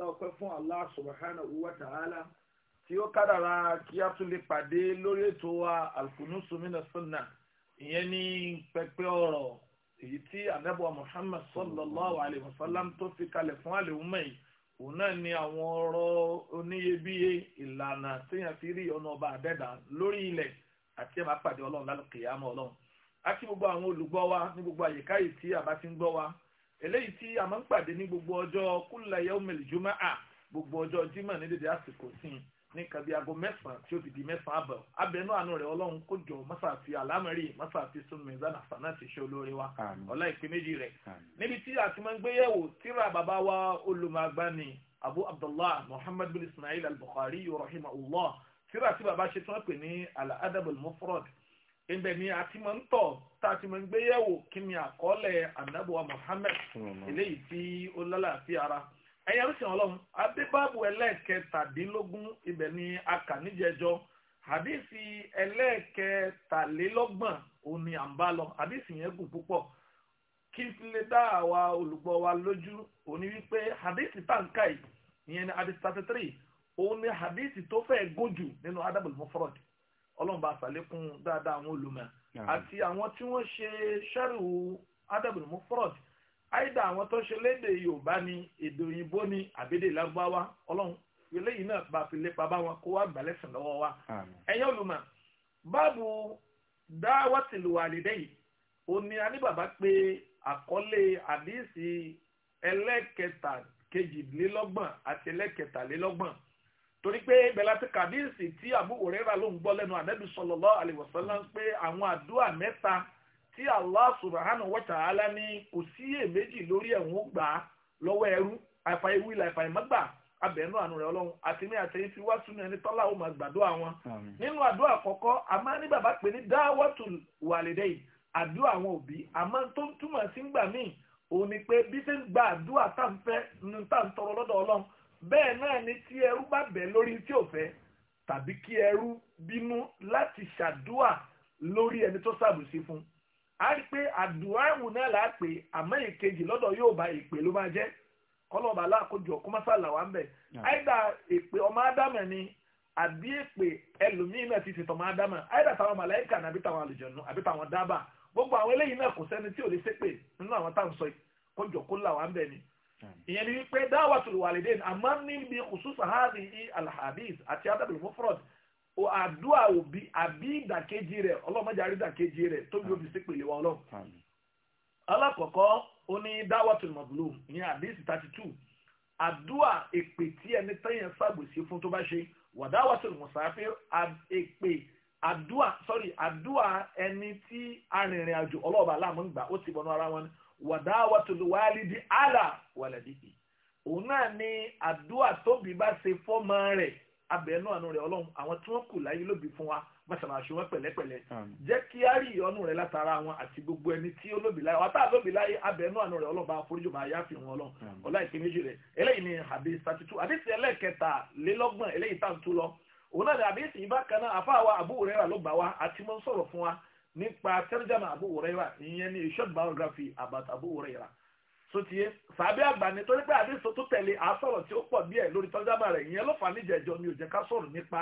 dá ọpẹ́ fún Allah subhanahu wa ta'ala tí ó kádàrá kí a tún lè pàdé lórí ètò wa alkunusu mina sunna ìyẹn ní pẹpẹ ọ̀rọ̀ èyí tí anabuwa Muhammad sallallahu alayhi wa sallam tó fi kalẹ̀ fún àlèhùnmọ yìí òun náà ni àwọn ọ̀rọ̀ oníyebíye ìlànà téèyàn fi rí ọ̀nà ọba àdẹ́dà lórí ilẹ̀ àti ẹ̀ máa pàdé ọlọ́run lálùkìyàmọ́ ọlọ́run a kí gbogbo àwọn olùgbọ́ wa ní gbogbo àyíká yìí tí àbá ti ń gbọ́ wa eléyìí tí a máa ń pàdé ní gbogbo ọjọ́ kulla yawmil jumaa gbogbo ọjọ́ jimá ní dédé àsìkò sí ní nǹkan bíi aago mẹ́sàn-án tí ó fi di mẹ́sàn-án àbọ̀ abẹnú àánú rẹ̀ ọlọ́run kó jọ mọ́sàáfì àlámẹ́rì mọ́sàáfì súnmi zanàfà náà ti ṣe olóore wa ọlá ìpè méjì rẹ̀ níbi tí a ti máa ń gbé yẹ̀wò tíra bàbá wa olùmọ̀gbani abu abdullah muhammad bin ismail al-bukhari rahimahullah tíra tí bàbá ṣe tí wọ́n pè ní al-adab al-mufrad ibẹ̀ ni a ti máa ń tọ̀ tá a ti máa ń gbé kí ni àkọọ́lẹ̀ anabuwa Muhammad eléyìí tí ó lálàáfíà ara ẹ̀yẹ́ ló sìn ọlọ́run adébábù ẹlẹ́ẹ̀kẹtàdínlógún ibẹ̀ ni a kà níjẹjọ́ hadisi ẹlẹ́ẹ̀kẹtàlélọ́gbọ̀n òun ni à ń bá lọ hadisi yẹn gùn púpọ̀ kí n fi lè dá àwa olùgbọ́ wa lójú òní wípé hadisi tàǹkà yìí ìyẹn ni hadisi thirty three òun ni hadisi tó fẹ́ gòjù nínú adabul mufrad ọlọ́run bá ṣàlékún dáadáa àwọn olùmọ̀ àti àwọn tí wọ́n ṣe ṣẹ́rù adabul mufrad àìdá àwọn tó ṣe léde yorùbá ni èdè òyìnbó ni àbédè lágbáwá ọlọ́run eléyìí náà bá fi lépa bá wọn kó wá gbàlẹ́sìn lọ́wọ́ wa ẹ̀yin olùmọ̀ báàbù dáwàtìlù wàlídẹ́yìí òní aníbàbá pé àkọlé àdìsí ẹlẹ́kẹta àti ẹlẹ́kẹtàlélọ́gbọ̀n torí pé bẹ̀láti kàdíìsì tí Abu Hurairah ló ń gbọ́ lẹ́nu ànábì sallallahu alaihi wasallam pé àwọn àdúrà mẹ́ta tí Allah subhanahu wa ta'ala ní kò sí èméjì lórí ẹ̀wọ̀n gbà lọ́wọ́ ẹrú àìfàìwí làìfàìmọ́gbà abẹ́nú àánú rẹ̀ ọlọ́run àti ní àtẹ̀yìn fi wá sínú ẹni tọ́lá ó máa gbàdúrà wọn. nínú àdúrà àkọ́kọ́ a máa ní bàbá pè ní dáwọ́tù wàlédè àdúrà àwọn òbí àmọ́ tó túmọ̀ sí gbà míì òun ni pé bí ṣe ń gba àdúrà tá ń fẹ́ ní tá ń tọrọ lọ́dọ̀ ọlọ́run bẹ́ẹ̀ náà ni tí ẹrú bá bẹ̀ lórí tí ò fẹ́ tàbí kí ẹrú bínú láti ṣàdúà lórí ẹni tó ṣàbùsí fún a rí pé àdúrà ìwùn náà là á pè àmọ́ èkejì lọ́dọ̀ yóò bá èpè ló máa jẹ́ kọ́lọ́ọ̀bà aláàkójọ kó má sàlà wá ń bẹ̀ àìdá èpè ọmọ ádámẹ̀ ni àbí èpè ẹlòmíín náà ti ṣètò ọmọ ádámẹ̀ àìdá táwọn màláìkà àbí táwọn àlùjọ̀nù àbí táwọn dábà gbogbo àwọn eléyìí náà kò sẹ́ni tí ò lè ṣépè nínú àwọn táwọn sọ yìí kó là bẹ̀ ni ìyẹn ni wípé dáwàtú wàlídẹ́n àmọ́ níbi kùsùsù hàbí alhabis àti adabul mufrod o àdúrà òbí àbí ìdàkejì rẹ̀ ọlọ́mọdé àrí ìdàkejì rẹ̀ tó bí o fi sí pèlè wa ọlọ́ alákọ̀ọ́kọ́ ó ní dáwàtú mazlum ní àdísì thirty two àdúrà èpè tí ẹni tẹ́yìn ṣàgbèsè fún tó bá ṣe wà dáwàtú musafir èpè àdúrà sorry àdúrà ẹni tí arìnrìn àjò ọlọ́ọ̀bà aláàmú gbà ó ti bọnú ara wọn ni wàdáwàtòlù wàlídì àlà wàlàdìdì òun náà ni àdúrà tóbi bá ṣe fọ́mọ rẹ̀ abẹ́nú àánú rẹ̀ ọlọ́run àwọn tí wọ́n kù láyé lóbi fún wa mọ̀sánà àṣọ wọn pẹ̀lẹ́pẹ̀lẹ́ jẹ́ kí á rí ìyọnu rẹ̀ látara wọn àti gbogbo ẹni tí ó lóbi láyé wàtá lóbi láyé abẹ́nú àánú rẹ̀ ọlọ́ba àforíjì máa yáfi wọn ọlọ́run ọlá ìpín méjì rẹ̀ eléyìí ni hadith thirty two hadith ẹlẹ́ẹ̀kẹta lélọ́gbọ̀n eléyìí tá wa Abu Hurairah ló gbà wá àti nípa tẹ́rẹ́jàmà Abu Hurairah ìyẹn ní short biography about Abu Hurairah so tiye sàbí àgbà ni torí pé àdéhùn tó tẹ̀lé àsọ̀rọ̀ tí ó pọ̀ díẹ̀ lórí tọ́jàmà rẹ̀ ìyẹn ló fà ní ìjẹ́jọ́ mi ò jẹ́ ká sọ̀rọ̀ nípa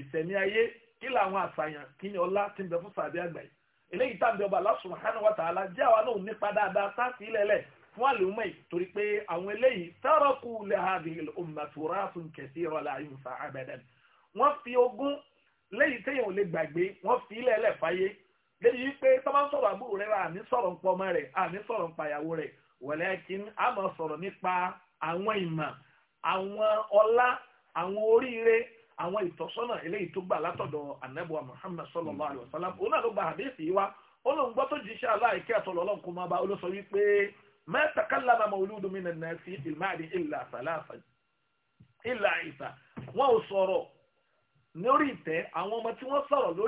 ìsẹ̀mí ayé kí làwọn àṣàyàn kí ni ọlá ti ń bẹ fún sàbí àgbà yìí eléyìí tàbí ọba Allah subhanahu wa ta'ala jẹ́ àwa náà nípa dáadáa sáàtì ilẹ̀lẹ̀ fún àlùmọ́ yìí torí pé àwọn eléyìí taraku li hadhihi al-umma turathun kathira la yunfa abadan wọ́n fi ogún léyìí téèyàn ò lè gbàgbé wọ́n fi ilẹ̀lẹ̀ fáyé léyìí pé tọ́ba ń sọ̀rọ̀ àbúrò rẹ̀ àní sọ̀rọ̀ ńpa rẹ̀ àní sọ̀rọ̀ ńpa ìyàwó rẹ̀ a máa sọ̀rọ̀ nípa àwọn ìmọ̀ àwọn ọlá àwọn oríire àwọn ìtọ́sọ́nà eléyìí tó gbà látọ̀dọ̀ anábùwà Muhammad sallallahu alayhi wa sallam òun náà ló gba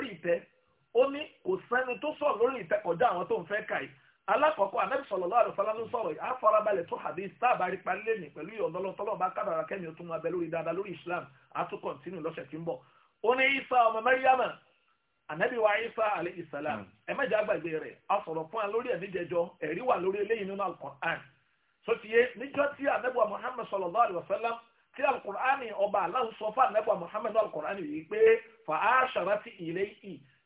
wa ó ní kò sẹ́ni tó sọ̀rọ̀ lórí ìtẹ́kọ̀já àwọn tó ń fẹ́ kà yìí alákọ̀ọ́kọ́ anabi sallallahu alaihi wasallam ló sọ̀rọ̀ yìí àfọlábalẹ̀ tó hadith sábàárí palẹ́ ní pẹ̀lú ìyọ̀ndọ́lọ́tọ́lọ́ bá kádàrà kẹ́mi ó tún wọn abẹ lórí dáadáa lórí islam àtún kọ̀ntínú lọ́sẹ̀ tí ń bọ̀ ó ní isa ọmọ mẹ́ríyàmà anabi wa isa alayhi salam hmm. ẹ mẹ́jọ àgbàgbé rẹ̀ a sọ̀rọ̀ fún wa lórí ẹ̀mí jẹjọ ẹ̀rí wà lórí eléyìí nínú alukur'an so tiye níjọ tí anabi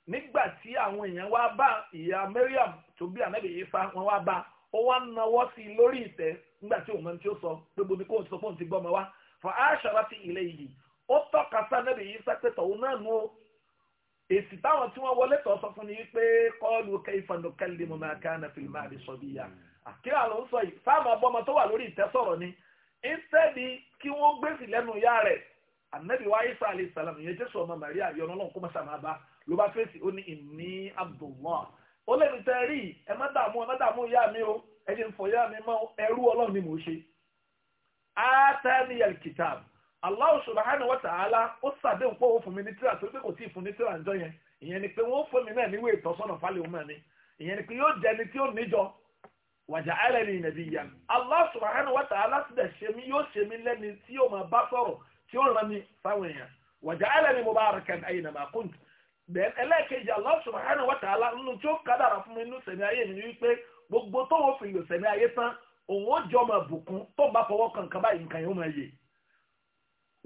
nígbà tí àwọn èèyàn wá bá ìyá Mariam tó bí ànábì Ìsá wọn wá bá ó wá náwó sí i lórí sọ gbogbo ní kóun ti sọ fóun ti gbọ́ ọmọ wa fọ aṣọra ti ilé yìí ó tọ́ka sí ànábì Ìsá òun náà ó èsì táwọn sọ fún ni pé kọ́ọ̀lù kẹ́lẹ́ mọ́ máa ká sọ bí ya ló ń sọ anabi wa isa alayhi salam ìyẹn jésù ọmọ maria yọ ọlọ́run kó mọ̀sá máa bá ló bá fèsì ó ní ìní abdullah ó lẹ́nu tẹ́ rí ẹ má dààmú ẹ má dààmú ìyá mi o ẹ jẹ́ ń fọ ìyá mi mọ́ ẹrú ọlọ́run ni mò ń ṣe. atani alkitab allah subhanahu wa ta'ala ó sàdé nǹkó òun fún mi ní tíra tó pé kò tí ì fún ní tíra ǹjọ́ yẹn ìyẹn ni pé wọ́n fún mi náà níwèé ìtọ́sọ́nà fálẹ̀ òun náà ìyẹn ni pé yóò jẹ́ ni tí ó níjọ wàjà alẹ́ ìnàbí yẹn allah subhanahu wa ta'ala ti dẹ̀ ṣe mí yóò ṣe mí lẹ́ni tí yóò máa bá sọ̀rọ̀ tí wọ́n rán mi fáwọn èèyàn waja'alani mubarakan aynama kuntu bẹ́ẹ̀ ẹlẹ́ẹ̀kejì Allah subhanahu wa ta'ala nínú tí ó kádàrà fún mi nínú sẹ̀mí ayé mi wípé gbogbo tó wọ́n fi lò sẹ̀mí ayé tán òun ó jọ ọmọ bùkún tó bá fọwọ́ kan kaba yìí nǹkan yóò máa yè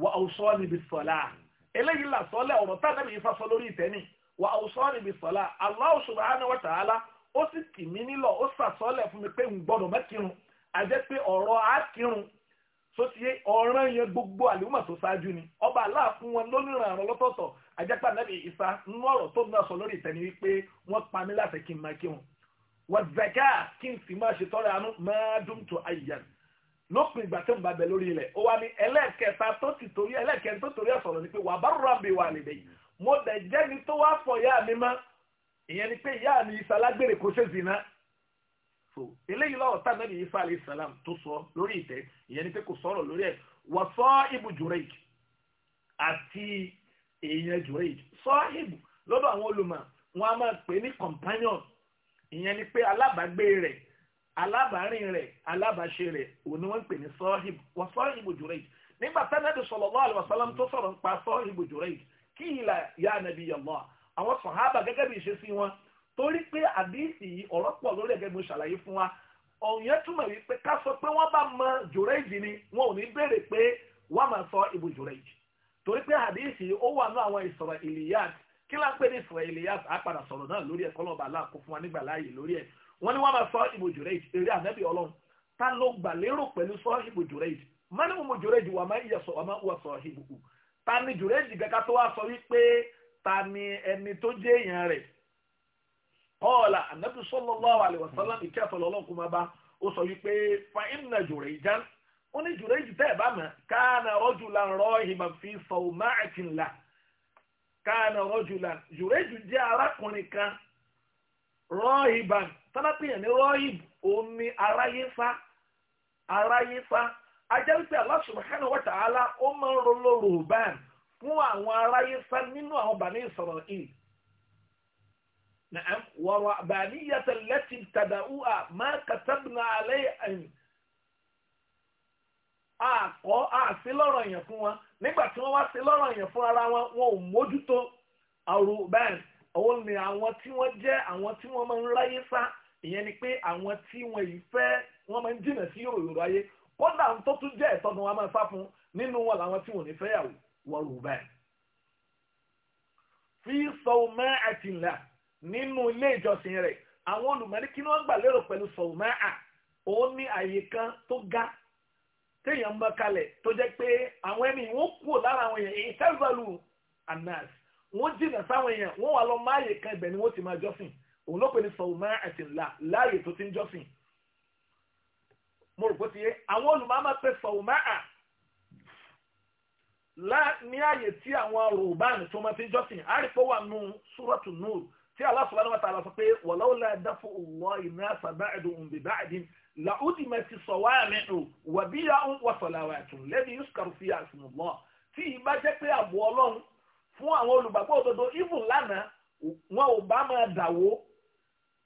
wa awsani bis-salah eléyìí là sọ́lẹ̀ ọ̀rọ̀ tá a dábìí fa sọ lórí ìtẹ́ni wa awsani bis-salah Allah subhanahu wa ta'ala ó sì tì mí nílọ̀ ó sàsọ́lẹ̀ fún mi pé ń gbọ́dọ̀ mẹ́kirun àjẹ́ ọ̀rọ̀ á kirun tó ti yé ọ̀ràn yẹn gbogbo àlùmọ̀ tó ṣáájú ni ọba aláà fún wọn lónìràn àrùn lọ́tọ̀ọ̀tọ̀ àjẹpà nàbì ìsá nínú ọ̀rọ̀ tó náà sọ lórí ìtẹ́ni wípé wọ́n pa mí láti kí n máa kí wọn. wọ́n zẹ̀ká kí n sì máa ṣètọ́rẹ̀ àánú máa dùn tó àyíyá mi lópin ìgbà tó ń bá bẹ lórí ilẹ̀ ó wá ní ẹlẹ́ẹ̀kẹta tó ti torí ẹlẹ́ẹ̀kẹrin tó torí ẹ̀ sọ̀rọ̀ ni pé wà á bá rọra bè wà lè dẹ̀yìn mo so eléyìí lọ́wọ́ tá nàbí Isa alayhi salam tó sọ lórí ìyẹn ni pé kò lori lórí ẹ̀ wà sọ ibù jùrẹ́jì àti èèyàn jùrẹ́jì sọ ibù lọ́dọ̀ àwọn olùmọ̀ wọn a máa pè ní companion ìyẹn ni pé alábàágbé ni pè ní sọ ibù wà sọ ibù jùrẹ́jì nígbà tá nàbí sallallahu alayhi wa tó sọ̀rọ̀ nípa sọ ibù jùrẹ́jì kí ìlà yá torí pé àdìsí yìí ọ̀rọ̀ pọ̀ lórí ẹ̀gẹ́ mo ṣàlàyé fún wa ọ̀hún yẹn túmọ̀ wípé ká sọ pé wọ́n bá mọ jòrèjì ni wọn ò ní béèrè pé wọ́n máa sọ ìbò jòrèjì torí pé àdìsí yìí ó wà ní àwọn ìsọ̀rọ̀ ìlìyàt kí láń pè ní ìsọ̀rọ̀ ìlìyàt àpàdà sọ̀rọ̀ náà lórí ẹ̀ kọ́lọ́ọ̀bà aláàkó fún wa nígbà láàyè lórí ẹ̀ wọ́n ní wọ́n máa sọ ìbò jòrèjì eré ànábì ọlọ́run ta ló gbà kọ́ọ̀là anabi sallallahu alaihi wasallam hmm. ìkẹ́ àtọ̀lọ́lọ́kùn máa bá ó sọ wípé fa inna Jurayjan ó ní Jurayj tẹ́ ẹ̀ bá mọ̀ rajulan fi sawma'atin lahu kana rajulan Jurayj jẹ́ arákùnrin kan rahiban tálápìyàn ní rahib òun ni aráyéfá aráyéfá ajá wípé Allah subhanahu wa نعم ورهبانية التي ابتدأوها ما كتبنا عليهم àkọ́ àti lọ́rọ̀ èèyàn fún wọn nígbà wọ́n wá sí lọ́rọ̀ fún ara wọn wọn ò mójútó àrùn bẹ́ẹ̀ ni àwọn tí wọ́n jẹ́ àwọn tí wọ́n máa ń ni pé àwọn tí wọ́n yìí fẹ́ wọ́n máa ń sí ayé jẹ́ máa nínú ilé ìjọsìn rẹ̀ àwọn olùmọ̀ẹ́ni kí wọ́n gbà lérò pẹ̀lú sọ̀rọ̀máà òun ní àyè kan tó ga téèyàn mọ kalẹ̀ tó jẹ́ pé àwọn ẹni wọ́n kúrò lára àwọn èèyàn èyí tẹ́lifàlù anas wọ́n jìnnà sáwọn èèyàn wọ́n wà lọ máàyè kan ibẹ̀ ni wọ́n ti máa jọ́sìn òun ló pè ní sọ̀rọ̀máà àti ńlá láàyè tó ti ń jọ́sìn mo rò pé ti yé àwọn olùmọ̀ọ́mọ́ pé sọ̀rọ̀máà ní àyè tí àwọn ròbán tí Allah subhanahu wa ta'ala sọ pé walaula daf'ullahi an-nasa ba'dahum bi ba'din la'udimati sawami'u wa biya'un wa salawatun lati yuzkaru fiha ismullah tí ìbá jẹ́ pé àbò ọlọ́run fún àwọn olùgbàgbọ́ òdodo even lánàá wọn ò bá máa dàwó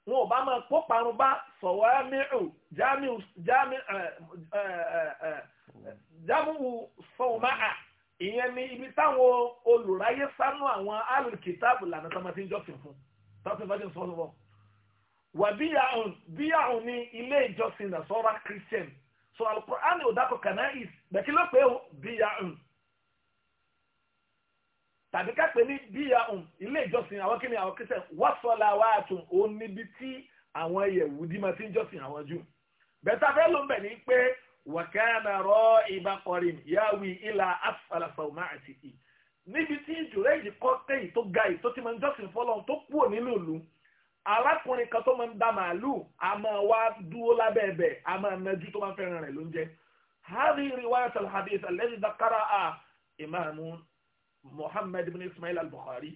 wọn ò bá máa kó parun bá sawami'u jami'u eh, eh, eh, jami'u sawma'a ìyẹn ni ibi táwọn olùráyé sánú àwọn alùkìtàbù lànà tó máa ti ń jọ́sìn fún un tọ́sí virgin sọ́ọ́ lọ. wà bíyàhùn bíyàhùn ní ilé ìjọsìn náà sọ́ra christian so alukur'an ò dákọ̀ kanais bẹ̀kí ló pé bíyàhùn tàbí ká pè ní bíyàhùn ilé ìjọsìn àwọn kí ni àwọn christian wọ́sọ̀lá wa àtún òun níbi tí àwọn Yẹhudi máa ti ń jọ́sìn àwọn Júù bẹ́tà fẹ́ ló ń bẹ̀ ní pé wàkẹ́ àná rọ ìbákọrin yáwì ìlà asfala sawma'ati níbi tí ìjùrẹ́ yìí kọ́ kẹ́yìn tó ga yìí tó ti máa ń jọ́sìn fọlọ́run tó kúrò nínú ìlú arákùnrin kan tó máa ń da màálù a máa wá dúró lábẹ́ ẹ̀bẹ̀ a máa nájú tó máa fẹ́ràn rẹ̀ ló ń jẹ́ hadi riwayat alhadith alladhi dakara a imaamu muhammad bin ismail al-bukhari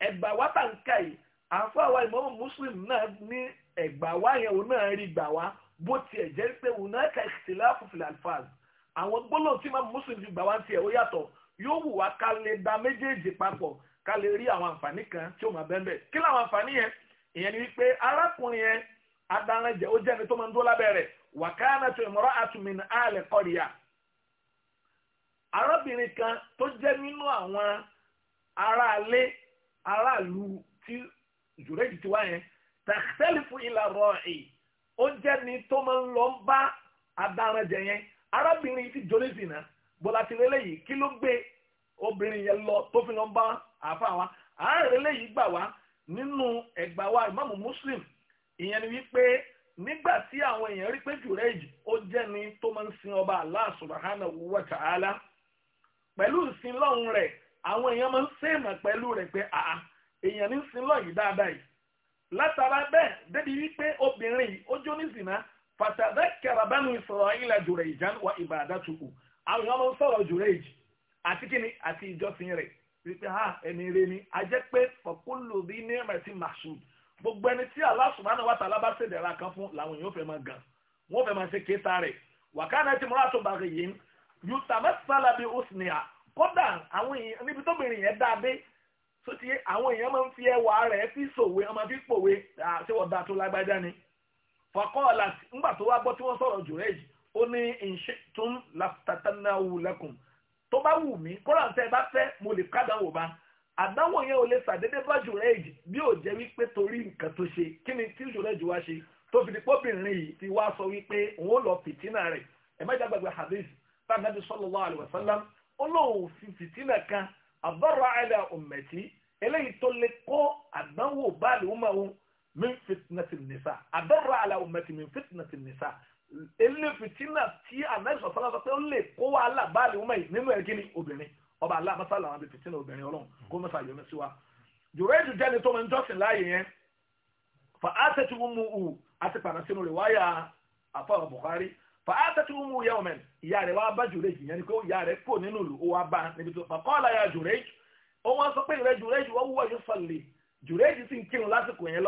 ẹgbà wa tà yìí àfọ àwa ìmọ̀mù muslim náà ní ẹgbà wa yẹn òun náà rí gbà wá bó tiẹ̀ jẹ́ pé òun náà ka ikhtilafu fil àwọn gbólóhùn tí imaamu muslim ti gbà wá ń tiẹ̀ ó yàtọ̀ yóò wù wá ká lè da méjèèjì papọ̀ ká lè rí àwọn àǹfààní kan tí ó máa bẹ́ẹ̀ bẹ́ẹ̀ kí làwọn àǹfààní yẹn ìyẹn ni wípé arákùnrin yẹn adaranjẹ ó jẹ́ ẹni tó máa ń dúró lábẹ́ rẹ̀ wàkàrà tó ìmọ̀ràn àtúmìnà àlẹ́ kọ́ríyà arábìnrin kan tó jẹ́ nínú àwọn aráalé aráàlú tí jùrẹ́jì ti wá yẹn tẹ̀sẹ̀lìfù ìlà rọ̀ọ̀ì ó jẹ́ ni tó máa ń lọ bá adaranjẹ yẹn arábìnrin ti jolè sí náà bọ́lá ti lélẹ̀ yìí kí ló gbé lọ tó fi lọ bá àáfà wa àárín eléyìí gbà wá nínú wa ìmáàmù muslim ìyẹn ni wípé nígbà tí àwọn èèyàn rí pé jùrẹ́jì ó jẹ́ ni tó máa ń sin ọba Allah subhanahu wa pẹ̀lú ìsin lọ́hùn rẹ̀ àwọn èèyàn máa ń pẹ̀lú rẹ̀ pé àá èèyàn ní sin lọ́yìn dáadáa yìí látara bẹ́ẹ̀ débi wípé obìnrin yìí ó jó ní zina wa àwọn èèyàn máa ń sọ̀rọ̀ jùrẹ́jì àti kíni àti ìjọsìn rẹ̀ wípé ha ah, ẹni rẹ̀ ni a jẹ́ pé fọ̀kúlù bí ní ẹ̀mẹ̀tì màṣúd gbogbo ẹni tí Allah subhanahu wa ta'ala bá ṣèdẹ̀ra kan fún làwọn èèyàn fẹ́ máa gan wọ́n fẹ́ máa ṣe kéta rẹ̀ wàkánà ti múra tó bàrẹ̀ yìí yutama sálábì usnia kódà àwọn èèyàn níbi tó bìnrin yẹn dáa tó ti àwọn èèyàn máa ń fi ẹwà rẹ̀ fi sòwe ọmọ fi pòwe àti ọ̀dà tó lágbájá ni fọkọ́ ọ̀la ńgbà tó wá gbọ́ tí wọ́n sọ̀rọ̀ jùrẹ́jì ó ní ìṣètún làtàtànáwù lẹ́kùn tó bá wù mí kọ́ra tẹ́ ẹ bá fẹ́ mo lè kádàwò bá àdánwò yẹn ò lè sàdédé bá jùrẹ́ẹ̀jì bí ò jẹ́ wípé torí nǹkan tó ṣe kí ni tí jùrẹ́ẹ̀jì wá ṣe tó fi di pọ́bìnrin yìí ti wá sọ wípé òun ò lọ fìtínà rẹ̀ ẹ̀mẹ́jà gbàgbé hadith tànàbí sallallahu alaihi wasallam olóhùn fi fìtínà kan àbọ̀rọ̀ àìlà ummati eléyìí tó lè kó àdánwò báàlì ọmọ òun min fitnati nisa àbọ̀rọ̀ àìlà ummati min fitnati nisa ilé fìtínà tí anabi sọ sọlá sọ pé ó lè kó wàhálà báàlì wọn yìí nínú ẹgí ni obìnrin ọba aláà mọ́sá làwọn àbí fìtínà obìnrin ọlọ́run kó mọ́sá yọmọ sí wa jùrọ èjì jẹ́ni tó mọ ìjọsìn láàyè yẹn fa àtẹ̀tí wọn mú u àti pàrọ̀ sínú rẹ̀ wáyà àfọwọ́ Bukhari fa àtẹ̀tí wọn mú u yẹwọ́ mẹ́rin ìyá rẹ̀ wá bá jùrọ èjì yẹn ni pé ìyá rẹ̀ kò nínú ìlú ó wá bá níbi tó fà kọ́ọ̀lá ya jùrọ èjì ó wọ́n sọ pé ìrẹ́ jùrọ èjì wọ́n wúwo yóò sọ̀lẹ̀ jùrọ èjì sì ń kírun lásìkò yẹn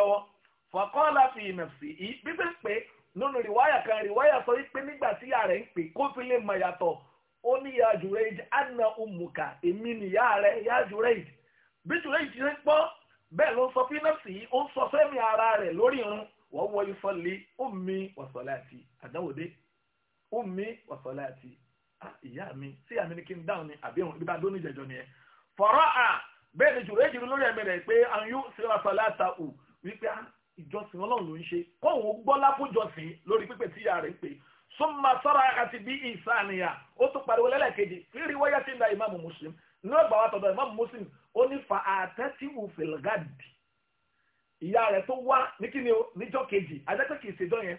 nínú rìwáyà kan rìwáyà sọ wípé nígbà tí ìyá rẹ̀ ń pè kó fi lè mọ̀ yàtọ̀ ó ní ìyá jureid anna umuka èmi nìyá rẹ̀ ìyá jureid bí jureid ti ń pọ́ bẹ́ẹ̀ ló sọ fínàfì ó sọ fẹ́mi ara rẹ̀ lórí irun wọ́n wọ ìfọ̀lì ummi wasalati àdáwòdé ummi wasalati ah, ìyá mi sí àmì ní kí n dáhùn ní àbíhùn ibi bá dó ní jẹjọ nìyẹn fọ̀rọ̀ à bẹ́ẹ̀ ni jureid ìjọsìn ọlọ́run ló ń ṣe kóun gbọ́ lápòjọsìn lórí pípé tí ìyá rẹ̀ ń pè súnmọ́ sọ́ra àti bí ìsànìyà ó tún pariwo lẹ́lẹ́kejì fírí wáyà tí ń da ìmáàmù Muslim ní ọgbà wa tọ̀dọ̀ ìmáàmù Muslim ó ní fa àtẹ́tìwù fìlgàdì ìyá rẹ̀ tó wá ní kí ni o níjọ́ kejì ajẹ́pẹ́ kì í ṣèjọ́ yẹn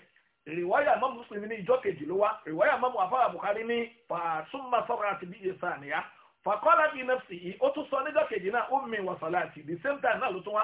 rìwáyà ìmáàmù Muslim ní ìjọ́ kejì ló wá rìwáyà ìmáàmù afárá Bukhari ní fa súnmọ́ sọ́ra àti bí ìsànìyà fàkọ́lá bíi nafsi yìí ó tún sọ níjọ́ kejì náà ó mi wàsálà àti the same time náà ló tún wá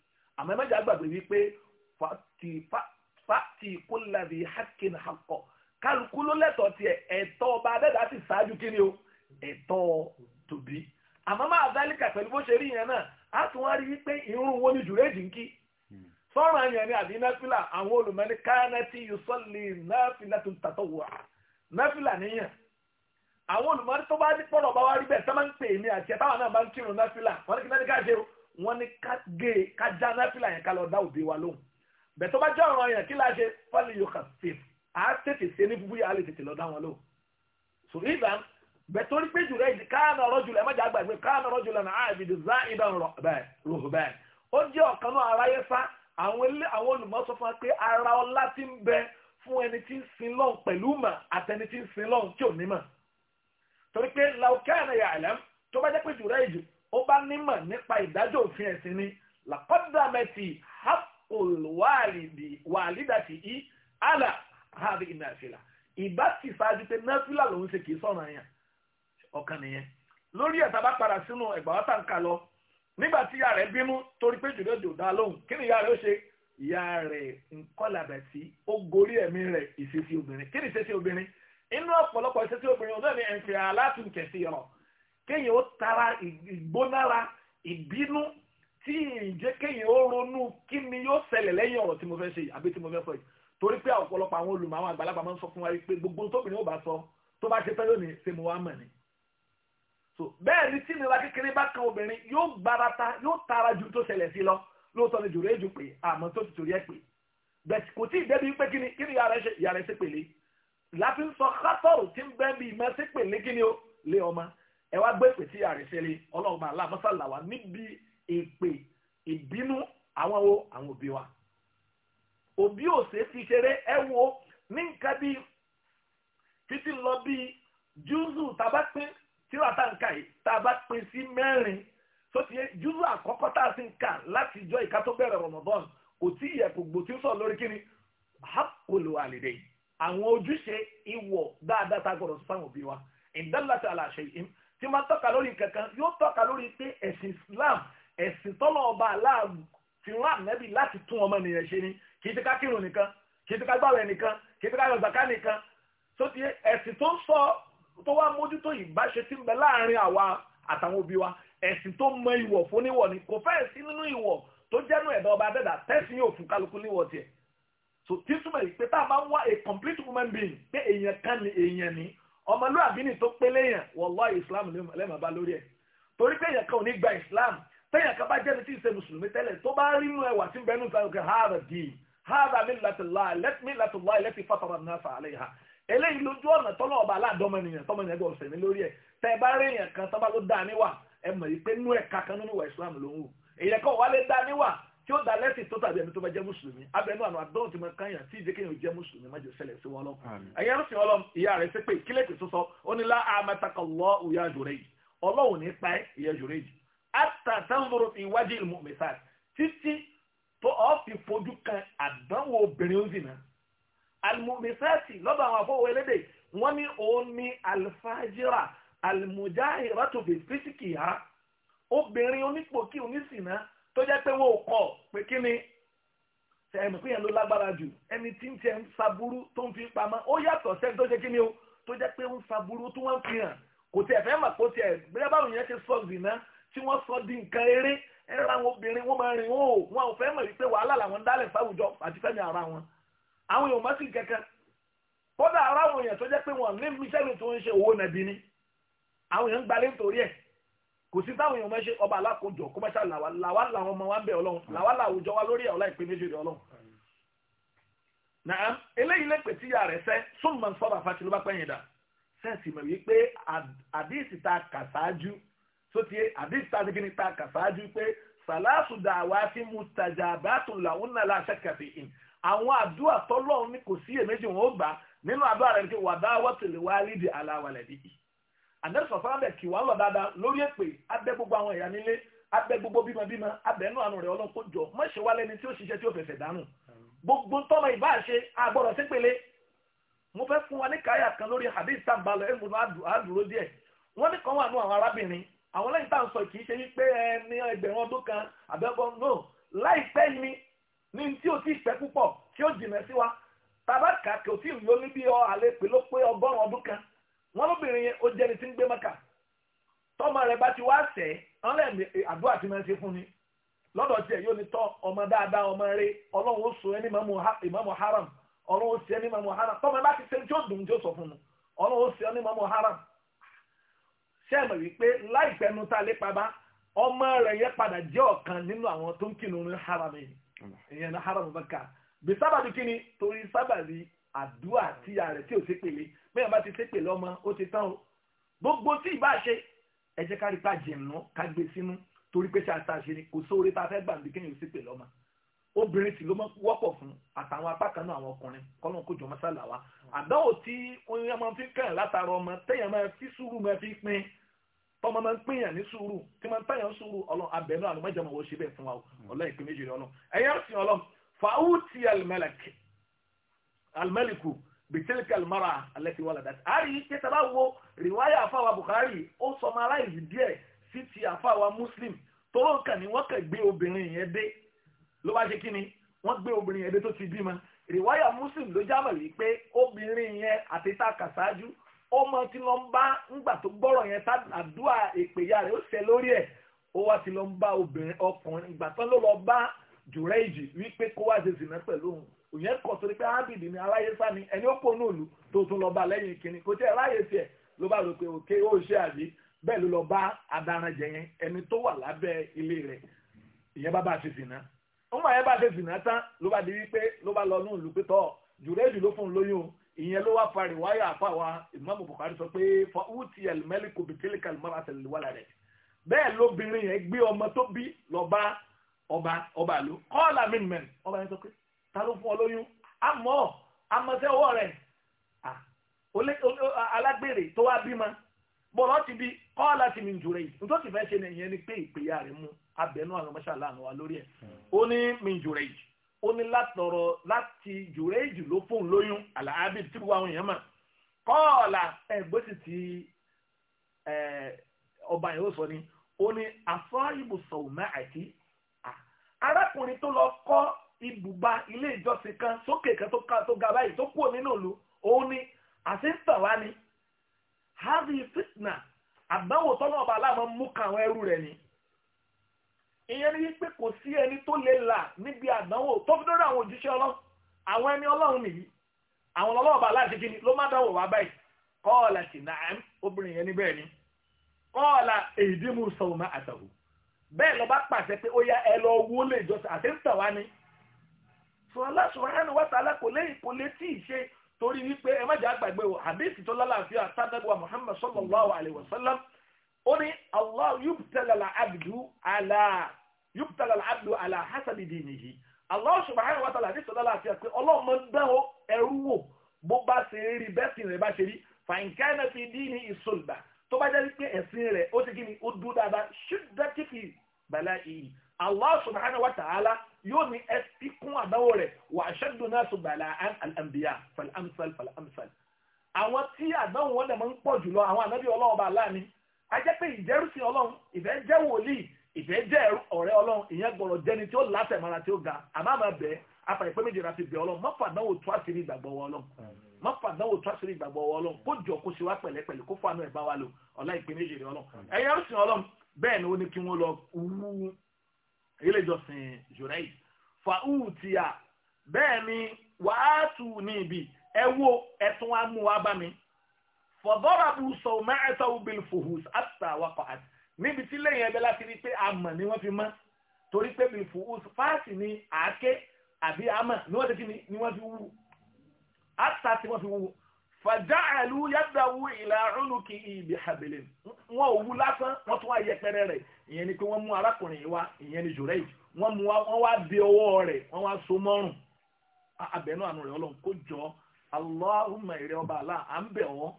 àmọ́ ẹ̀mẹ́jà gbàgbé wípé fati kólàbí hakin hakọ kálukú ló lẹ́tọ̀ọ́ tiẹ̀ ẹ̀tọ́ ọba abẹ́dá sì ṣáájú kí ni o ẹ̀tọ́ tòbí àmọ́ máa dálíkà pẹ̀lú bó ṣe rí yẹn náà á tún wá rí wípé irun wo ni jùrẹ́jì ń kí hmm. sọ́ràn yẹn ni àbí náfìlà àwọn olùmọ̀ni káyánátì yusọ́lì náfìlà tó tàtọ̀ wà náfìlà níyàn àwọn olùmọ̀ni tó bá ní pọ̀rọ̀ bá wá rí bẹ́ẹ̀ sọ́mọ́ ń pè náà bá ń kírun náfìlà wọ́n ní kí náà ká ṣe o wọ́n ní ká gé ká já náfìlà yẹn ká lọ dá òbí wa lóhùn bẹ́ẹ̀ tó bá jẹ́ ọ̀ràn yẹn kí láà ṣe fọ́lì yóò kà sí à á tètè ṣe ní fúfú yà á lè tètè lọ dá wọn lóhùn so ìgbà bẹ́ẹ̀ torí pé jùlọ ẹ̀jẹ̀ káànà ọ̀rọ̀ jùlọ ẹ̀ má jà gbàgbé káànà ọ̀rọ̀ jùlọ náà àìbìdì zá ìdán ròhùbẹ́ẹ̀ ó jẹ́ ọ̀kan náà aráyé sá àwọn ilé àwọn olùmọ̀ sọ fún wa pé ara ọlá ti ń bẹ fún ẹni tí ń sin lọ́n pẹ̀lú mà àtẹni tí ń sin lọ́n tí ò ní mà torí pé làwùkẹ́ àná yà àlẹ́ tó bá jẹ́ pé jùlọ ẹ̀jẹ̀ ó bá nímọ̀ nípa ìdájọ́ òfin ẹ̀sìn ni làkọ́dàmẹ́tì hapolwalidati i ala hadi nafila ìbá ti ṣáájú pé nafila lòún ṣe kì í sọ̀rọ̀ yẹn ọ̀kan nìyẹn lórí ẹ̀ tábà padà sínú ẹ̀gbà wọ́tà ń kà lọ nígbà tí ìyá rẹ̀ bínú torí pé jùlọ jò dá lóhùn kí ni ìyá rẹ̀ ó ṣe ìyá rẹ̀ nkọ́làbẹ̀tì ó gorí ẹ̀mí rẹ̀ ìṣesí obìnrin kí ni ìṣesí obìnrin inú ọ̀pọ̀lọpọ̀ ìṣesí obìnrin ọ̀dọ́ ni ẹ̀ǹfẹ̀ alátùnkẹ̀sí ọ̀rọ̀ kéèyàn ó tara ìgbónára ìbínú tí ìjẹ́ kéèyàn ó ronú kí ni yóò ṣẹlẹ̀ lẹ́yìn ọ̀rọ̀ tí mo fẹ́ ṣe àbí tí mo fẹ́ sọ yìí torí pé ọ̀pọ̀lọpọ̀ àwọn olùmọ̀ àwọn àgbàlagbà máa ń sọ fún wa pé gbogbo tóbìnrin ó bá sọ tó bá ṣe fẹ́lẹ́ òní ṣe mo wá mọ̀ ni. so bẹ́ẹ̀ ni tí ìnira kékeré bá kan obìnrin yóò gbarata yóò tara ju tó ṣẹlẹ̀ sí lọ lóòótọ́ ni jòrò èjò pé àmọ́ tó ti torí ẹ̀ pé bẹ́ẹ̀ kò tí ì débi pé kíni kíni yàrá ẹ̀ ṣe pèlè láti sọ kátọ́rù tí ń bẹ́ẹ̀ bí ìmọ̀ ṣe pèlè kíni ó lé ọmọ ẹ wá gbé èpè tí àrẹ̀sẹ̀lẹ̀ ọlọ́run máa lábọ́sàlà wa níbi èpè ìbínú àwọn wo àwọn òbí wa òbí òsè fi ṣeré ẹ wo ní nǹkan bíi títí lọ bíi júùsù tá a bá pín tíra tá a ń kà yìí tá a bá pín sí mẹ́rin tó ti yẹ júùsù àkọ́kọ́ tá a sì ń kà láti ìjọ ìka tó bẹ̀rẹ̀ rọ̀mọ̀bọ́n kò tí ì yẹ kò gbò tí ń sọ lórí kíni hakolo àlèdè àwọn ojúṣe ìwọ̀ dáadáa tá a gbọ́dọ̀ sọ fáwọn òbí wa ìdálàtà àlàṣẹ yìí tí máa tọ́ka lórí nǹkan yóò tọ́ka lórí pé ẹ̀sìn Islam ẹ̀sìn tọ́lọ̀ ọba aláàbò ti rán ànábì láti tún ọmọ nìyẹn ṣe ni kì í ti ká kírun nìkan kì í ti ká gbàwẹ̀ nìkan kì í ti ká yọ zàká nìkan tó ti ẹ̀sìn tó ń sọ tó wá mójútó ìbáṣe tí ń bẹ láàrin àwa àtàwọn òbí wa ẹ̀sìn tó mọ ìwọ̀ fún níwọ̀ ni kò fẹ́ sí nínú ìwọ̀ tó jẹ́nu ẹ̀dá ọba adẹ́dà tẹ́sí yóò fún kálukú níwọ̀ tiẹ̀ so tí túmọ̀ yìí pé tá a máa ń wá a complete human being pé èèyàn kan ni èèyàn ni ọmọlúwàbí ni tó pélé yẹn wàláhì islam lẹ́mọ̀ bá lórí ẹ̀ torí pé èèyàn kan ò ní gba islam téèyàn kan bá jẹ́ni tí ì ṣe mùsùlùmí tẹ́lẹ̀ tó bá rí inú ẹwà tí ń bẹnu sáré ọkẹ hàrà dì í hàrà mi làtìláì lẹ́tìmí làtìláì lẹ́tì fàtàrà náà fàálẹ̀ yìí eléyìí lójú ọ̀nà tọ́lọ́ ọba aláàdọ́mọnìyàn tọ́mọnìyàn gbọ́ ọ̀sẹ̀ mi lórí ẹ̀ tẹ́ ẹ bá rí èèyàn kan tọ́ba ló dá níwà ẹ mọ̀ yìí pé nú ẹ̀ka kan nínú ìwà islam ló ń wù èèyàn kan wà lè dá níwà tí ó da lẹ́sìn tó tàbí ẹni tó bá jẹ́ mùsùlùmí abẹnú àná àdóhùn tí mo kàn yàn tí ìdí kéèyàn jẹ́ mùsùlùmí má jẹ́ ṣẹlẹ̀ sí wọn lọ. ẹ̀yẹ́ ń sìn ọlọ́m ìyá rẹ̀ sí pé ìkílẹ̀ pé sọ́sọ́ ó ní láà mẹ́tàkà lọ́ ìyá jòrè yìí ọlọ́run ní pa ìyá jòrè yìí. àtà sanforo ìwádìí ìlú mẹ́ta títí tó ọ́ fi fojú kan àdánwò obìnrin ó zìnà. àlùmọ̀mẹ́sàtì tó jẹ́ pé wọ́n ò kọ̀ pé kí ni ẹ̀mí pé yẹn ló lágbára jù ẹni tí ń tiẹ̀ ń faburú tó ń fi pamọ́ ó yàtọ̀ sẹ́ni tó ṣe kí ni o tó jẹ́ pé ń faburú tó wọ́n fi hàn kò tiẹ̀ fẹ́ mà kó tiẹ̀ bóyá báwo yẹn ṣe sọ zìnà tí wọ́n sọ di nǹkan eré ẹ̀ra àwọn obìnrin wọ́n máa rìn wọ́n ò wọn ò fẹ́ mọ̀ wípé wàhálà làwọn ń dálẹ̀ fáwùjọ àti fẹ́mi ara wọn àwọn èèyàn má sì kẹ̀kẹ́ kódà ara àwọn èèyàn tó jẹ́ pé wọ́n ní mísẹ́lì tó ń ṣe owó nàbí ni àwọn èèyàn ń gbalé nítorí ẹ̀ kò sí táwọn èèyàn máa ṣe ọba alákòjọ kó máa ṣàlàwà làwà làwọn ọmọ wa ń bẹ ọlọ́run hmm. làwà làwùjọ wa lórí ọlá ìpè méjèèjì ọlọ́run. nàá eléyìí lẹ́pẹ̀ tíyà rẹ̀ sẹ́ súnmọ́ sọ́ba fati ló bá pẹ́yìn dà sẹ́ǹsì mọ̀ wípé àdìsí ta kà sáájú tó ti àdìsí ta ní kíni ta kà sáájú pé sàlásù dàwa ti mú tajà àbátùn làwọn náà láṣẹ in àwọn àdúrà tọ́lọ́run ní ànẹ́sọ̀ sábẹ̀ kì wá lọ dáadáa lórí èpè abẹ́ gbogbo àwọn ẹ̀yà nílé abẹ́ gbogbo bímọbímọ abẹ́nú àánú rẹ̀ ọlọ́kọ́ jọ mọ̀ṣẹ́ wa lẹni tí ó ṣiṣẹ́ tí ó fẹ̀fẹ̀ dànù gbogbo tọ́mọ ìbá ṣe àgbọ̀rọ̀ sípele mo fẹ́ fún wa ní káyà kan lórí hadith tàǹbà lọ ẹ̀mú àdúró díẹ̀ wọ́n ní kan wà nú àwọn arábìnrin àwọn lẹ́yìn tá à ń sọ kì í ṣe wípé ẹni ẹgbẹ̀rún ọdún kan àbẹ́gbọ́n no láìpẹ́ ni ní tí o ti pẹ́ púpọ̀ tí ó jìnà sí wa tàbá kà kò tí ì yọ wọn lóbìnrin yẹn ó jẹni tí ń bá ti wá sẹ́ ọ́n lẹ́ eh, àdúrà tí máa ń fún ni lọ́dọ̀ so haram ọlọ́run ó ẹni haram bá ti sẹ́ tí ó dùn tí ó sọ fún un ọlọ́run haram wípé nu ta lépa bá ọmọ rẹ yẹn padà jẹ́ ọ̀kan nínú haram yìí ìyẹn ní haram ká bí àdúrà mm. tí ìyá rẹ̀ tí ò sépèlé bẹ́ẹ̀ bá ti sépèlé ọmọ ó ti tán o gbogbo tí ìbá ṣe ẹ jẹ́ ká rí pa jẹ̀nà ká gbé sínú torí pé ṣe àtàṣe ni kò sóore tá a fẹ́ gbà bí kéèyàn sépèlé ọmọ obìnrin sì ló mọ wọ́pọ̀ fún àtàwọn apá kan náà àwọn ọkùnrin kọ́lọ́n kó jọ mọ́sálà wa mm. àdánwò tí oyin máa fi kàn látara ọmọ téèyàn máa fi sùúrù máa fi pín tọmọ máa ń pínyàn ní sùúrù tí máa ń tẹ̀yàn sùúrù ọlọ́run abẹ́nú àlùmọ́jọ́mọ́wọ́ ṣe bẹ́ẹ̀ fún wa mm. ọlọ́run ìpín méjì rẹ̀ ọlọ́run ẹ̀yẹ́ sì ọlọ́run fàáwù tí almalak alimẹ́lìkù bìtẹ́lìkì alimara alẹ́tì wà ládàá a rí pé tàbá wo rìwáyà àfàwà Bukhari ó sọmaláìsì díẹ̀ sí ti àfàwà Muslim tóró kàn ní wọ́n kàn gbé obìnrin yẹn dé ló bá ṣe kí ni wọ́n gbé obìnrin yẹn dé tó ti bímọ rìwáyà Muslim ló jábọ̀ rí pé obìnrin yẹn àti tá a kà sáájú ọmọ tí lọ ń bá ńgbà tó gbọ́rọ̀ yẹn tá àdúrà ìpèyà rẹ̀ ó ṣẹ lórí ẹ̀ ó wá ti lọ ń bá obìnrin ọkùnrin ìgbà tán ló lọ bá jùrẹ́ ìjì wípé kó wá ṣe òyìn kọ̀ torí pé ábìdì ni aláyésá ni ẹni ó pọ̀ nóòlù tó tún lọ bá lẹ́yìn kínní kò tí ẹ láyè tiẹ̀ ló bá rò pé òkè ó ṣe àbí bẹ́ẹ̀ ló lọ bá adaranjẹ yẹn ẹni tó wà lábẹ́ ilé rẹ̀ ìyẹn bá bá ṣe sìnà ọmọ yẹn bá ṣe sìnà tán ló bá di wípé ló bá lọ nóòlù pé tọ́ jùrẹ́jù ló fún un lóyún ìyẹn ló wá parí wáyà àfàwà ìmáàmù Bukhari sọ pé fa uti elmeliku bitilika elmarasel wàlà rẹ̀ bẹ́ẹ̀ lóbìnrin yẹn gbé ọmọ tó bí lọ ọba ọba àlú kọ́ọ̀là mímẹ́rin ọba yẹn sọ pé ta ló fún ọ lóyún àmọ́ àmọ́sẹ́ ọwọ́ rẹ̀ alágbèrè tó wá bímọ bọ̀rọ̀ ti bi kọ́ láti mi jùlọ yìí nítorí fẹ́ ṣe nìyẹn ni pé ìpèyà rẹ̀ mú abẹ́nú àwọn mọ́ṣáláà àwọn wa lórí ẹ̀ ó ní mi jùlọ yìí ó ní látọ̀rọ̀ láti jùlọ yìí ló fóun lóyún àlàábì tí gbogbo àwọn èèyàn mọ̀ kọ́ọ̀là ẹ̀gbẹ́ sì ti ọba yìí ó sọ ni ó ní àfọ́ ibùsọ̀ òmà àti arákùnrin tó lọ kọ́ ibùba ilé ìjọsìn kan sókè kan tó ga báyìí tó kúrò nínú ìlú ni àti wa ni fitna àdánwò tọ́nà ọba aláàmọ́ mú kan àwọn ẹrú ni ìyẹn ni pé kò sí ẹni tó lè là níbi àdánwò tó fi dọ́rọ̀ àwọn òjíṣẹ́ ọlọ́run àwọn ẹni ọlọ́run nìyí àwọn aláàṣẹ ni ló má dánwò wá báyìí obìnrin yẹn níbẹ̀ ni kọ́ọ̀là èdè mú sọ̀rọ̀ máa àtàwò bẹ́ẹ̀ lọ bá pàṣẹ pé ó yá ẹ lọ ni so Allah subhanahu wa ta'ala kò lè kò lè tí ì ṣe torí wípé ẹ má jẹ́ àgbàgbé o àbísí tó lálàáfíà sádẹ́gbà Muhammad sallallahu alayhi wa sallam ó ní Allah yubtala al-abdu ala yubtala al-abdu ala hasabi dinihi Allah subhanahu wa ta'ala ní sọ lálàáfíà pé ọlọ́run máa ń dán o ẹrú wò bó bá ṣe rí bẹ́sìn rẹ̀ bá ṣe rí fàǹkánà fi dini ìsọlùbà tó bá jẹ́ wípé ẹ̀sìn yóò ní ẹ ikún àdánwò rẹ̀ wà aṣaddu nasu bala'an al-anbiya fal-amsal fal-amsal. àwọn tí àdánwò wọn dẹ̀ máa ń pọ̀ jùlọ àwọn ànábì ọlọ́run bá láàánú ajẹ́ pé ìjẹ́rùsí ọlọ́run ìfẹ́ jẹ́ wòlíì ìfẹ́ jẹ́ ọ̀rẹ́ ọlọ́run ìyẹn gbọ́dọ̀ jẹ́ni tí ó látẹ̀mọ́ra tí ó ga àmọ́ àmọ́ bẹ́ẹ̀ apàyẹ pé méjìlá ti bẹ ọlọ́run mọ́fà náà ilé ìjọsìn jùrẹ́ì fàúùtìyà bẹ́ẹ̀ ni wàá tù ní ibi ẹ wo ẹ̀tún wa mú wa bá mi fọ̀dọ́ràbù sọ̀rọ̀ mẹ́ẹ̀ẹ́ta obìl fòhùs àtà wakọ̀ àti níbi tí lẹ́yìn ẹgbẹ́ láti rí pé àmọ̀ ni wọ́n fi mọ́ torí pé bìl fòhùs fáàsì ni àáké àbí àmọ̀ ni wọ́n ti fi wú àtà tí wọ́n fi wú fàjáàlú yàdáwó ìlà ọ̀nùkì ìbí habilin wọn ò wú lásán wọn tún wá yẹpẹrẹ rẹ̀ ìyẹn ni pé wọn mú arákùnrin yìí wá ìyẹn ni jùrẹ́yì wọn mú wọn wá bí ọwọ́ rẹ̀ wọn wá so mọ́rùn abẹ́nú àánú rẹ̀ ọlọ́run kó jọ aláhùnmá ìrẹ́ ọba àlá à ń bẹ̀ wọ́n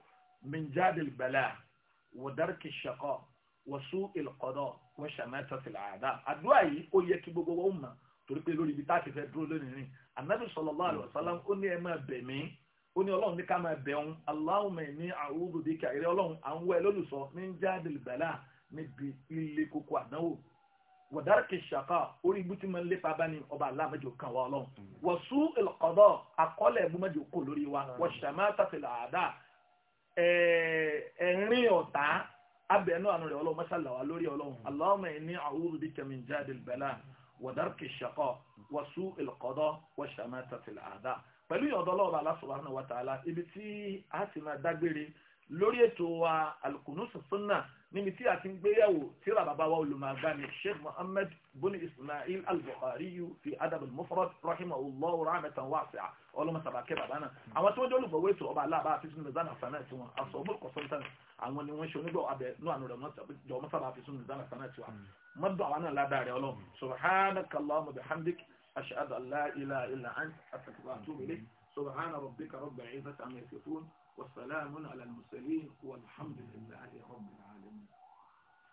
minjadil bala wọ̀dárkì ṣakọ wọ̀sú ìlọ̀kọ̀dọ̀ wọ́n ṣàmẹ́tọ̀tìlà àdá àdúrà yìí ó yẹ kí gbogbo wọn mọ̀ torí pé lórí ibi tá a ti fẹ́ dúró lónìí ó ní ọlọ́run ní ká máa bẹ̀ ọ́n aláwùmẹ̀ ní àwùjọ bíkà eré ọlọ́run à ń wẹ̀ lólùsọ ní jáde ìgbàlá níbi ilé koko àdánwò wọ̀dárìkì ṣàkà orí ibú tí mo ń lépa bá ní ọba aláàmẹ́jọ kan wa ọlọ́run wọ́n sú ìlọ̀kọ̀dọ̀ àkọọ́lẹ̀ ẹ̀bú mẹ́jọ kò lórí wa wọ́n ṣàmá tàfẹ̀lẹ̀ àdá ẹ̀rín ọ̀tá abẹ́nú àánú rẹ̀ ọlọ́run mọ́ṣálà wa lórí ọlọ́run aláwọ̀mẹ̀ ní àwùjọ bíkà min jáde ìgbàlá wọ̀dárìkì ṣàkà wọ́n sú ìlọ̀kọ̀dọ̀ tàfẹ̀lẹ̀ àdá pẹ̀lú ìyọ̀dọ̀ ọlọ́ọ̀bà Allah subhanahu wa ta'ala ibi tí a sì máa dágbére lórí ètò wa alukunusu sunna níbi tí a ti ń gbéyàwó tírà bàbá wa olùmọ̀gbani sheikh muhammed bin ismail al-bukhari fi adab al-mufrad rahimahullah rahmatan wasi'a ọlọ́mọsàbàkẹ́ bàbá náà àwọn tí wọ́n jẹ́ olùgbọ̀wé ètò ọba aláàbá àti sunu nìzánà fana ẹ̀sìn wọn aṣọ ọgbọ́n kọ̀sọ́ntàn àwọn ni wọ́n ṣe onígbọ̀ abẹ ní àná rẹ̀ jọ̀ọ́mọ́sàbà àti sunu nìzánà fana ẹ̀sìn wọn mọ́dọ̀ àwọn náà ládàá rẹ̀ ọlọ́run subhanakallahumma bihamdik أشهد أن لا إله إلا أنت أستغفرك وأتوب إليك سبحان ربك رب العزة عما يصفون وسلام على المرسلين والحمد لله رب العالمين